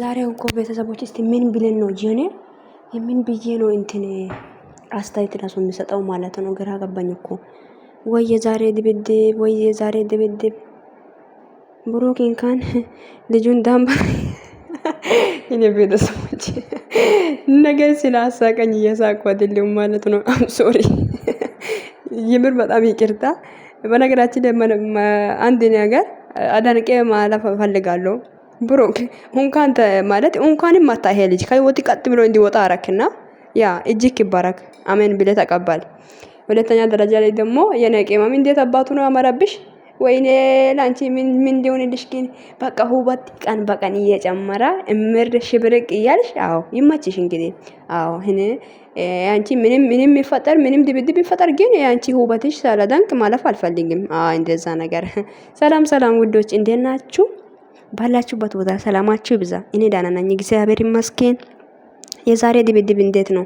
ዛሬ እኮ ቤተሰቦች እስቲ ምን ብለን ነው ጂኔ የምን ብዬ ነው እንትን አስተያየት ራሱ የሚሰጠው ማለት ነው። ግራ ገባኝ እኮ ወይ የዛሬ ድብድብ፣ ወይ የዛሬ ድብድብ። ብሩክ እንኳን ልጁን ዳምባ እኔ ቤተሰቦች ነገር ስላሳቀኝ እየሳቅሁ አይደለም ማለት ነው። አም ሶሪ የምር በጣም ይቅርታ። በነገራችን አንድ ነገር አዳንቄ ማለፍ ፈልጋለሁ። ብሩክ እንኳን ማለት እንኳንም ማታሄ ልጅ ከህይወት ቀጥ ብሎ እንዲወጣ አረክና ያ እጅግ ይባረክ አሜን ብለ ተቀባል። ሁለተኛ ደረጃ ላይ ደግሞ የኔ ቅመም እንዴት አባቱ ነው አመረብሽ። ወይኔ ላንቺ ምን ምን ዲውን ልሽኪን በቃ ውበት ቀን በቀን እየጨመረ እምር ሽብርቅ እያልሽ። አዎ ይመችሽ እንግዲህ። አዎ እኔ አንቺ ምንም ምንም ይፈጠር ምንም ድብድብ ይፈጠር ግን ያንቺ ውበትሽ ሳላደንቅ ማለፍ አልፈልግም። አዎ እንደዛ ነገር። ሰላም ሰላም ውዶች እንዴት ናችሁ? ባላችሁበት ቦታ ሰላማችሁ ይብዛ። እኔ ዳና ነኝ፣ እግዚአብሔር ይመስገን። የዛሬ ድብድብ እንዴት ነው?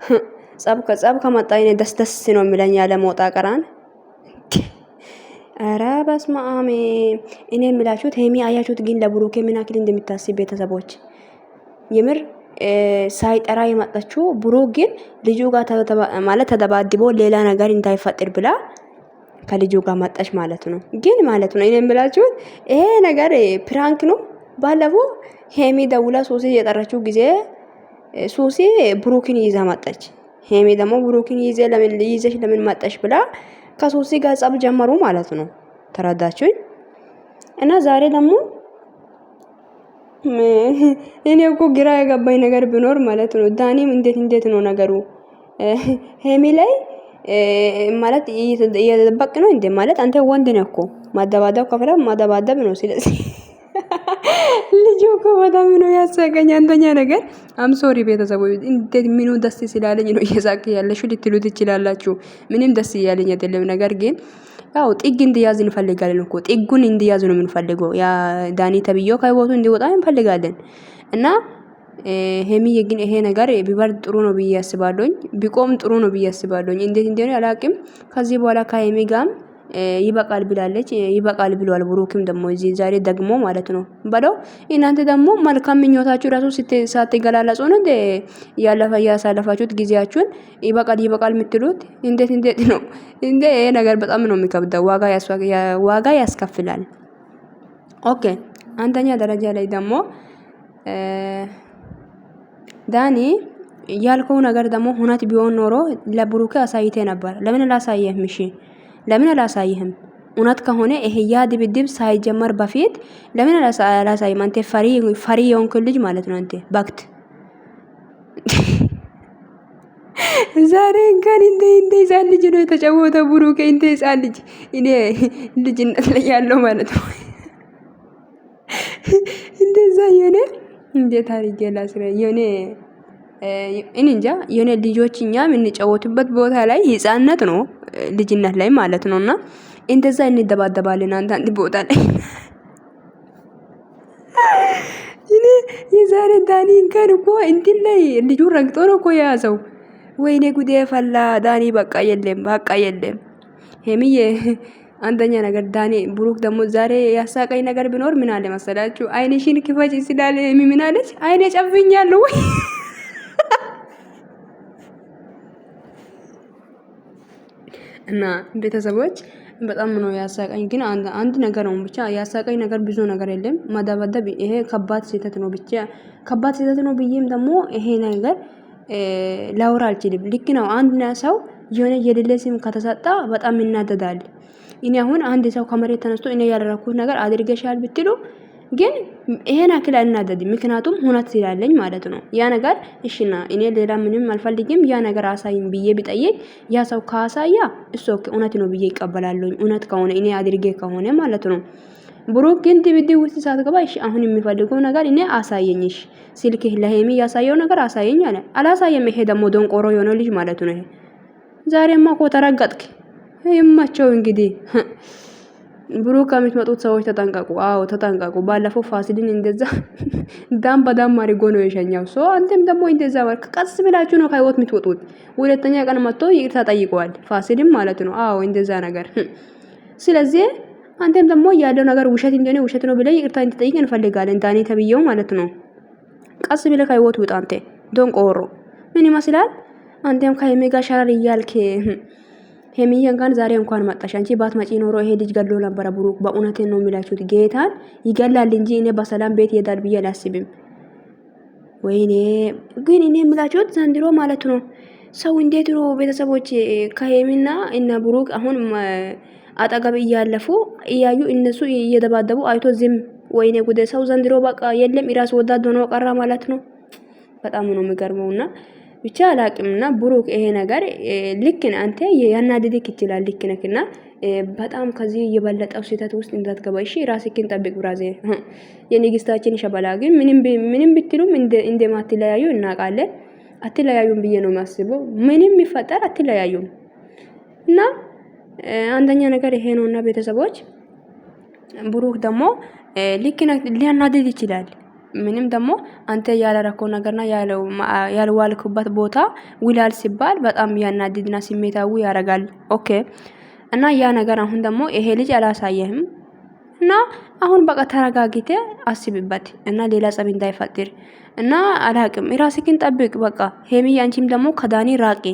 ጸብ ከጸብ ከመጣ እኔ ደስ ደስ ነው የሚለኝ ያለ መውጣ ቀራን። ኧረ በስመ አብ! እኔ የሚላችሁት ሄሚ አያችሁት፣ ግን ለብሩኬ ምን አክል እንደሚታስብ ቤተሰቦች የምር ሳይጠራ የመጣችው ብሩክ ግን ልጁ ጋር ማለት ተደባድቦ ሌላ ነገር እንዳይፈጥር ብላ ከልጁ ጋር መጣች ማለት ነው። ግን ማለት ነው እኔ የምላችሁት ይሄ ነገር ፕራንክ ነው። ባለፈው ሄሚ ደውላ ሶሲ የጠራችው ጊዜ ሶሲ ብሩክን ይዛ መጣች። ሄሚ ደግሞ ብሩክን ይዘ ለምን ይዘሽ ለምን መጣሽ ብላ ከሶሲ ጋር ጸብ ጀመሩ ማለት ነው። ተረዳችሁኝ? እና ዛሬ ደግሞ እኔ እኮ ግራ የገባኝ ነገር ቢኖር ማለት ነው ዳኒም እንዴት እንዴት ነው ነገሩ ሄሚ ላይ ማለት እየተደበቅ ነው እንዴ? ማለት አንተ ወንድ ነህ እኮ ማደባደብ ከፍለ ማደባደብ ነው። ስለዚህ ልጁ እኮ በጣም ነው ያሳቀኝ። አንደኛ ነገር አምሶሪ ቤተሰቦች፣ እንዴት ምኑ ደስ ስላለኝ ነው እየሳቅ ያለሹ ልትሉ ትችላላችሁ። ምንም ደስ እያለኝ አይደለም። ነገር ግን ያው ጥግ እንዲያዝ እንፈልጋለን እኮ ጥጉን እንዲያዝ ነው የምንፈልገው። ያ ዳኒ ተብዮ ከህይወቱ እንዲወጣ እንፈልጋለን እና ሄሚዬ ግን ይሄ ነገር ቢበር ጥሩ ነው ብዬ አስባለሁኝ። ቢቆም ጥሩ ነው ብዬ አስባለሁኝ። እንዴት እንደሆነ አላቅም። ከዚህ በኋላ ከሄሚ ጋም ይበቃል ብላለች። ይበቃል ብሏል። ብሩክም ደግሞ እዚህ ዛሬ ደግሞ ማለት ነው በለው። እናንተ ደግሞ መልካም ምኞታችሁ ራሱ ሳትገላለጹ ነው እንደ ያለፈ ያሳለፋችሁት ጊዜያችሁን ይበቃል ይበቃል የምትሉት እንዴት እንዴት ነው እንደ ይሄ ነገር በጣም ነው የሚከብደው። ዋጋ ያስከፍላል። ኦኬ አንደኛ ደረጃ ላይ ደግሞ ዳኒ ያልከው ነገር ደግሞ ሁነት ቢሆን ኖሮ ለብሩኬ አሳይቴ ነበር። ለምን አላሳየህም? እሺ ለምን አላሳየህም? እውነት ከሆነ ይሄ ያ ድብድብ ሳይጀመር በፊት ለምን አላሳይም? አንተ ፈሪ ፈሪ የሆንክ ልጅ ማለት ነው። አንተ ባክት ዛሬ እንኳን እንደ እንደ ህጻን ልጅ ነው የተጫወተ ብሩኬ፣ እንደ ህጻን ልጅ እኔ ልጅነት ላይ ያለው ማለት ነው እንደዛ የሆነ እንዴት አድርጌ ላስረ የኔ እኔ እንጃ የኔ ልጆች እኛ የምንጫወቱበት ቦታ ላይ ህፃነት ነው ልጅነት ላይ ማለት ነው። እና እንደዛ እንደባደባለን አንዳንድ ቦታ ላይ እኔ የዛሬ ዳኒ እንከን እኮ እንትን ላይ ልጁ ረግጦ ነው እኮ የያዘው። ወይኔ ጉዴ ፈላ ዳኒ። በቃ የለም በቃ የለም ሄምዬ አንደኛ ነገር ዳኔ ብሩክ ደግሞ ዛሬ ያሳቀኝ ነገር ቢኖር ምን አለ መሰላችሁ? አይንሽን ክፈች ስላለ ምን አለች? አይኔ ጨፍኛለሁ ወይ እና ቤተሰቦች በጣም ነው ያሳቀኝ። ግን አንድ ነገር ነው ብቻ ያሳቀኝ ነገር ብዙ ነገር የለም። ማደባደብ ይሄ ከባድ ስህተት ነው ብቻ ከባድ ስህተት ነው ብዬም ደግሞ ይሄ ነገር ላውራ አልችልም። ልክ ነው አንድ ሰው የሆነ የሌለ ስም ከተሰጣ በጣም ይናደዳል። እኔ አሁን አንድ ሰው ከመሬት ተነስቶ እኔ ያደረኩት ነገር አድርገሻል ብትሉ ግን ይሄን አክል አልናደድ። ምክንያቱም ሁነት ስላለኝ ማለት ነው። ያ ነገር እሽና እኔ ሌላ ምንም አልፈልግም፣ ያ ነገር አሳይም ብዬ ቢጠየቅ ያ ሰው ካሳያ እሱ እውነት ነው ብዬ ይቀበላለኝ። እውነት ከሆነ እኔ አድርጌ ከሆነ ማለት ነው። ብሩክ ግን ድብድብ ውስጥ ሳትገባ እሺ፣ አሁን የሚፈልገው ነገር እኔ አሳየኝ፣ እሺ፣ ስልክህ ለሄሚ ያሳየው ነገር አሳየኝ አለ። አላሳየም። ይሄ ደግሞ ደንቆሮ የሆነ ልጅ ማለት ነው ይሄ ዛሬማ እኮ ተረገጥክ። ይማቸው እንግዲህ ብሩ ከምትመጡት ሰዎች ተጠንቀቁ። አዎ ተጠንቀቁ። ባለፈው ፋሲልን እንደዛ ዳም በዳም አድርጎ ነው የሸኛው። ሶ አንተም ደግሞ እንደዛ ወርክ ቀስ ብላችሁ ነው ከህይወት የምትወጡት። ሁለተኛ ቀን መጥቶ ይቅርታ ጠይቀዋል፣ ፋሲልም ማለት ነው። አዎ እንደዛ ነገር። ስለዚህ አንተም ደግሞ ያለው ነገር ውሸት እንደሆነ ውሸት ነው ብለ ይቅርታ እንድትጠይቅ እንፈልጋለን። ዳኔ ተብዬው ማለት ነው። ቀስ ብለ ከህይወት ውጣ። አንተ ዶንቆሮ ምን ይመስላል? አንተም ከሄሚ ጋር ሸረር እያልክ ሄሚያን ጋር ዛሬ እንኳን መጣሽ። አንቺ ባት መጪ ኖሮ ይሄ ልጅ ገሎ ነበረ። ብሩክ በእውነት ነው የሚላችሁት፣ ጌታን ይገላል እንጂ እኔ በሰላም ቤት ይሄዳል ብዬ አላስብም። ወይኔ ግን እኔ የሚላችሁት ዘንድሮ ማለት ነው ሰው እንዴት ነው ቤተሰቦች ከሄሚና እና ብሩክ አሁን አጠገብ እያለፉ እያዩ እነሱ እየደባደቡ አይቶ ዝም። ወይኔ ጉዴ! ሰው ዘንድሮ በቃ የለም ራስ ወዳድ ሆኖ ቀራ ማለት ነው። በጣም ነው የሚገርመውና ብቻ አላቅምና ብሩክ ይሄ ነገር ልክን አንተ ያናድድክ ይችላል ልክነክና በጣም ከዚህ የበለጠው ስህተት ውስጥ እንዳትገባ እሺ፣ ራስክን ጠብቅ ብራዜ። የንግስታችን ሸበላ ግን ምንም ብትሉም እንደማትለያዩ እናውቃለን። አትለያዩም ብዬ ነው የሚያስበው። ምንም የሚፈጠር አትለያዩም። እና አንደኛ ነገር ይሄ ነው እና ቤተሰቦች ብሩክ ደግሞ ልክ ሊያናድድ ይችላል። ምንም ደግሞ አንተ ያላረከው ነገርና ያልዋልክበት ቦታ ውላል ሲባል በጣም ያናድድና ስሜታዊ ያረጋል። ኦኬ እና ያ ነገር አሁን ደግሞ ይሄ ልጅ አላሳየህም እና አሁን በቃ ተረጋግተ አስብበት እና ሌላ ጸብ እንዳይፈጥር እና አላቅም ራስክን ጠብቅ። በቃ ሄሚ አንቺም ደግሞ ከዳኒ ራቂ።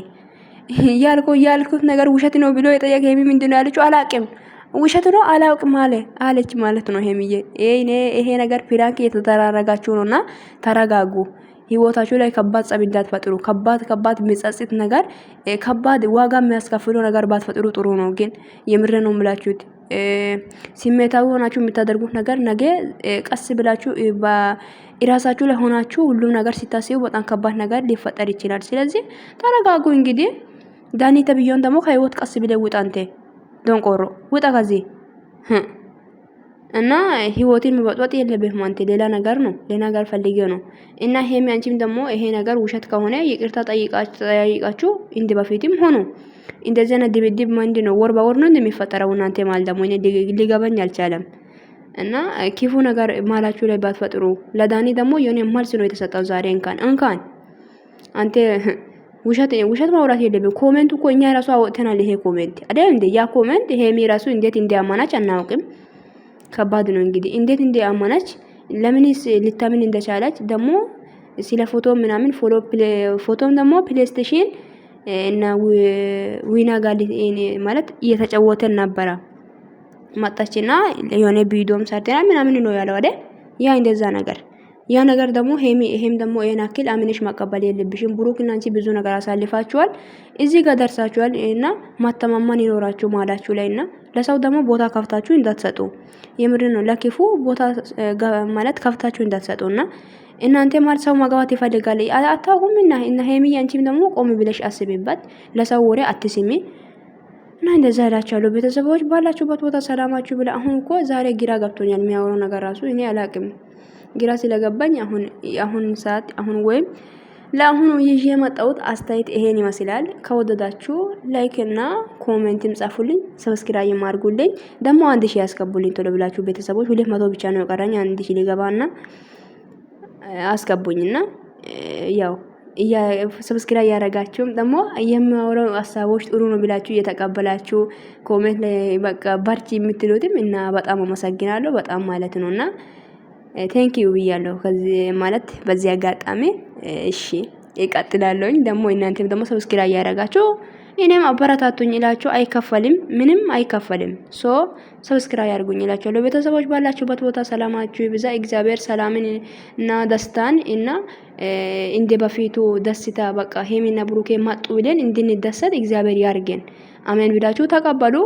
ያልኩት ነገር ውሸት ነው ብሎ የጠየቅ ሄሚ ምንድነው ያለችው? አላቅም ውሸት ነው አላውቅም አለ አለች ማለት ነው። ሄምዬ ይሄ ነገር ፕራንክ እየተደራረጋችሁ ነውና ተረጋጉ። ህይወታችሁ ላይ ከባድ ጸብ እንዳትፈጥሩ። ከባድ ከባድ የሚጸጽት ነገር ከባድ ዋጋ የሚያስከፍሉ ነገር ባትፈጥሩ ጥሩ ነው። ግን የምር ነው የምላችሁት። ስሜታዊ ሆናችሁ የምታደርጉት ነገር ነገ ቀስ ብላችሁ ራሳችሁ ላይ ሆናችሁ ሁሉም ነገር ሲታስቡ በጣም ከባድ ነገር ሊፈጠር ይችላል። ስለዚህ ተረጋጉ። እንግዲህ ዳኒ ተብዬውን ደግሞ ከህይወት ቀስ ቢለውጥ አንቴ ደንቆሮ ውጣ ከዚህ እና ህይወትን መበጥበጥ የለብህም አንተ። ሌላ ነገር ነው፣ ሌላ ነገር ፈልጌ ነው። እና ሄሚ አንቺም ደግሞ ይሄ ነገር ውሸት ከሆነ ይቅርታ ጠይቃችሁ እንደ በፊትም ሆኑ። እንደዚህ ነው ድብድብ ምንድን ነው? ወር በወር ነው እንደሚፈጠረው እናንተ ማለት ደግሞ ሊገባኝ አልቻለም። እና ክፉ ነገር ማላችሁ ላይ ባትፈጥሩ። ለዳኒ ደግሞ የሆነ መልስ ነው የተሰጠው ዛሬ። እንኳን እንኳን አንተ ውሸት ውሸት ማውራት የለም። ኮሜንቱ እኮ እኛ ራሱ አወጥተናል። ይሄ ኮሜንት አይደል እንዴ? ያ ኮሜንት ይሄ ራሱ እንዴት እንደ አማናጭ አናውቅም። ከባድ ነው እንግዲህ እንዴት እንደ አማናጭ ለምንስ ልታምን እንደቻለች ደግሞ ስለ ፎቶ ምናምን ፎሎ ፎቶም ደግሞ ፕሌስቴሽን እና ዊና ጋር ማለት እየተጫወተን ነበረ። መጣችና የሆነ ቪዲዮም ሰርተናል ምናምን ነው ያለው አይደል? ያ እንደዛ ነገር ያ ነገር ደግሞ ሄሚ ይሄም ደግሞ ይሄን አክል አምንሽ ማቀበል የለብሽም። ብሩክና አንቺ ብዙ ነገር አሳልፋችኋል፣ እዚህ ጋር ደርሳችኋል እና ማተማመን ይኖራችሁ ማላችሁ ላይ እና ለሰው ደግሞ ቦታ ከፍታችሁ እንዳትሰጡ። የምር ነው ለክፉ ቦታ ማለት ከፍታችሁ እንዳትሰጡ እና እናንተ ማለት ሰው ማግባት ይፈልጋል አታውቁም። እና እና ሄሚ አንቺም ደግሞ ቆም ብለሽ አስቢበት። ለሰው ወሬ አትስሚ እና እንደዛ እላችኋለሁ። ቤተሰቦች ባላችሁበት ቦታ ሰላማችሁ ብላ። አሁን እኮ ዛሬ ግራ ገብቶኛል የሚያወራው ነገር ራሱ እኔ አላቅም። ግራ ስለገባኝ አሁን አሁን ሰዓት አሁን ወይም ለአሁኑ ይዤ የመጣሁት አስተያየት ይሄን ይመስላል። ከወደዳችሁ ላይክ እና ኮሜንትም ጻፉልኝ፣ ሰብስክራይብ አድርጉልኝ። ደግሞ አንድ ሺህ ያስገቡልኝ ቶሎ ብላችሁ ቤተሰቦች። ሁለት መቶ ብቻ ነው የቀረኝ አንድ ሺህ ሊገባና አስገቡኝና ያው ሰብስክራይብ ያደረጋችሁም ደግሞ የሚያወራው ሀሳቦች ጥሩ ነው ብላችሁ እየተቀበላችሁ ኮሜንት ላይ በቃ ባርቺ የምትሉትም እና በጣም አመሰግናለሁ። በጣም ማለት ነው እና ዩ ብያለሁ። ማለት በዚህ አጋጣሚ እሺ ይቀጥላለሁኝ። ደግሞ እናንተም ደግሞ ሰብስክራይብ እያደረጋችሁ እኔም አበረታቱኝ እላችሁ። አይከፈልም፣ ምንም አይከፈልም። ሶ ሰብስክራይብ ያርጉኝ እላችሁ። ቤተሰቦች ባላችሁበት ቦታ ሰላማችሁ ይብዛ። እግዚአብሔር ሰላምን እና ደስታን እና እንደ በፊቱ ደስታ በቃ ሄሚና ብሩኬ ማጡ ብለን እንድንደሰት እግዚአብሔር ያርገን። አሜን ብላችሁ ተቀበሉ።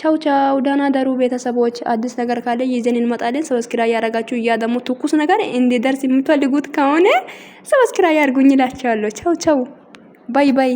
ቻው ቻው፣ ደህና ደሩ ቤተሰቦች። አዲስ ነገር ካለ ይዘን እንመጣለን። ሰብስክራይብ ያረጋችሁ እያ ደግሞ ትኩስ ነገር እንዲደርስ የምትፈልጉት ከሆነ ሰብስክራይብ ያድርጉኝ እላችኋለሁ። ቻው ቻው፣ ባይ ባይ።